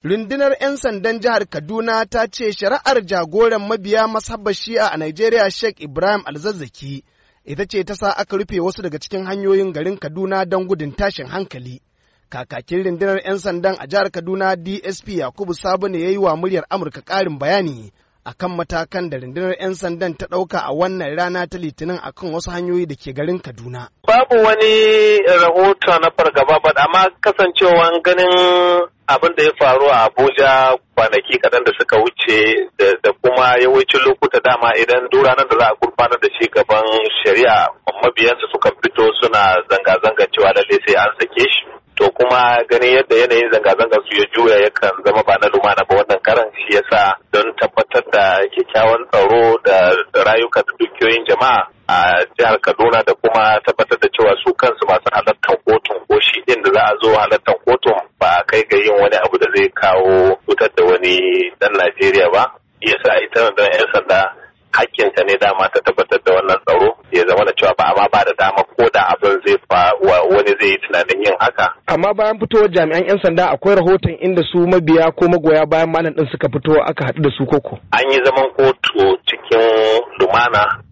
Rundunar 'yan sandan jihar Kaduna ta ce shari'ar jagoran mabiya masabbar shi'a a Najeriya Sheikh Ibrahim Alzazzaki ita ce ta sa aka rufe wasu daga cikin hanyoyin garin Kaduna don gudun tashin hankali. Kakakin rundunar 'yan sandan a jihar Kaduna DSP Yakubu Sabo ne ya yi wa muryar Amurka ƙarin bayani akan matakan da rundunar 'yan sandan ta ɗauka a wannan rana ta litinin akan wasu hanyoyi da ke garin kaduna babu wani rahoto na fargaba ba amma kasancewa ganin abin da ya faru a Abuja kwanaki kaɗan da suka wuce da kuma yawancin lokuta dama idan ranar da za a gurfanar da shi gaban shari'a mabiyansa suka fito suna zanga-zanga cewa lalle sai an sake shi. To kuma ganin yadda yanayin zanga-zangar su ya juya yakan zama ba na lumana ba wannan karan shi yasa don tabbatar da kyakkyawan tsaro da rayuka da dukiyoyin jama'a a jihar Kaduna da kuma tabbatar da cewa su kansu masu halartar kotun ko shi din da za a zo halartar kotun kai ga yin wani abu da zai kawo wutar da wani dan Najeriya ba ya sa ita da yan sanda hakkinta ne dama ta tabbatar da wannan tsaro ya zama da cewa ba amma ba da dama ko da abin zai fa wani zai yi tunanin yin haka. Amma bayan fitowar jami'an 'yan sanda akwai rahoton inda su mabiya ko magoya bayan malam din suka fito aka haɗu da su koko. An yi zaman kotu cikin lumana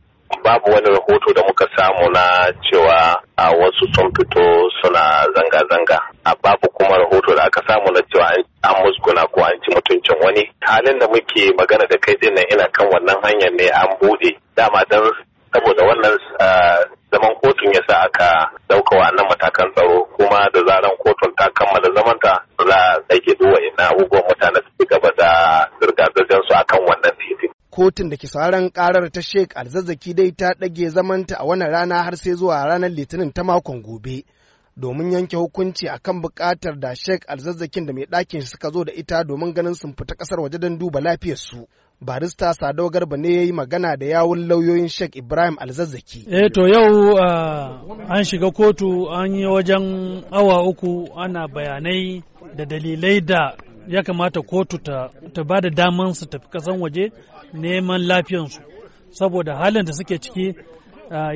babu wani rahoto da muka samu na cewa a wasu sun fito suna zanga-zanga a babu kuma rahoto da aka samu na cewa an musguna ko an ci mutuncin wani halin da muke magana da kai dinnan ina kan wannan hanyar ne an bude dama don saboda wannan zaman kotun ya sa aka dauka wannan matakan tsaro kuma da zaran kotun ta kammala zamanta za a tsage duwa ina abubuwan mutane su gaba da zirga-zirgar su akan wannan titin kotun da ke sauran karar ta sheik alzazzaki dai ta ɗage zamanta a wannan rana har sai zuwa ranar litinin ta makon gobe domin yanke hukunci akan buƙatar da sheik alzazzakin da mai ɗakin suka zo da ita domin ganin sun fita ƙasar waje don duba lafiyarsu barista sadau garba ne ya yi magana da yawun lauyoyin sheik ibrahim alzazzaki eh to yau ah, an shiga kotu an yi wajen awa uku ana bayanai da dalilai da ya kamata kotu ta, ta ba da daman su tafi kasan waje neman su saboda halin da suke ciki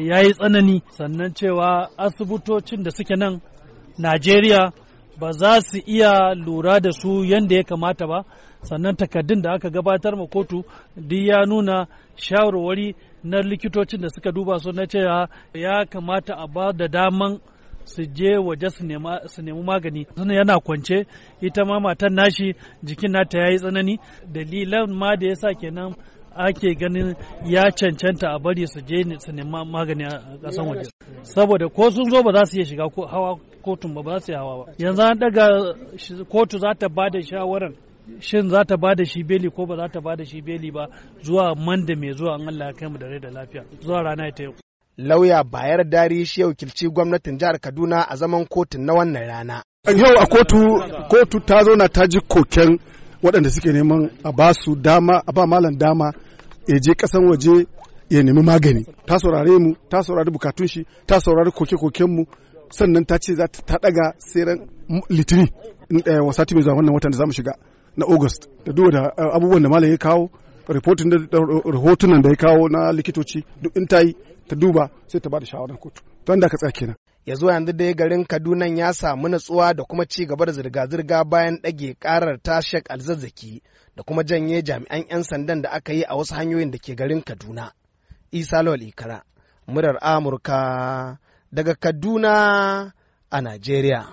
ya yi tsanani sannan cewa asibitocin da suke nan najeriya ba za su iya lura da su yadda ya kamata ba sannan takardun da aka gabatar ma kotu duk ya nuna shawarwari na likitocin da suka duba su na cewa ya kamata a ba da daman su je waje su nemi magani suna yana kwance ita ma matan nashi jikin nata ya yi tsanani dalilan ma da ya sa kenan ake ganin ya cancanta a bari su je su nemi magani a kasan waje saboda ko sun zo ba za su iya shiga hawa kotun ba ba su hawa ba yanzu an daga kotu za ta ba da shawaran shin za ta ba shi beli ko ba za ta ba shi beli ba zuwa manda mai zuwa an Allah ya kai mu da rai da lafiya zuwa rana ta yau lauya bayar dari shi ya wakilci gwamnatin jihar kaduna a zaman kotun na wannan rana yau a kotu kotu ta zauna ta ji koken waɗanda suke neman a ba su dama a ba malam dama ya je ƙasan waje ya nemi magani ta saurare mu ta saurari bukatun shi ta saurari koke-koken mu sannan ta ce za ta ɗaga tseren litini eh, Wasa mai zuwa wannan watan da za mu shiga na august da duk da eh, abubuwan da malam ya kawo rahotunan da ya kawo na likitoci duk in ta yi ta duba sai ta bada shawarar kotu don da ka tsaya kenan ya zuwa yanzu dai garin kaduna ya samu natsuwa da kuma ci gaba da zirga-zirga bayan ɗage karar tashek alzazzaki da kuma janye jami'an 'yan sandan da aka yi a wasu hanyoyin da ke garin kaduna isa lawal ikara murar amurka daga kaduna a najeriya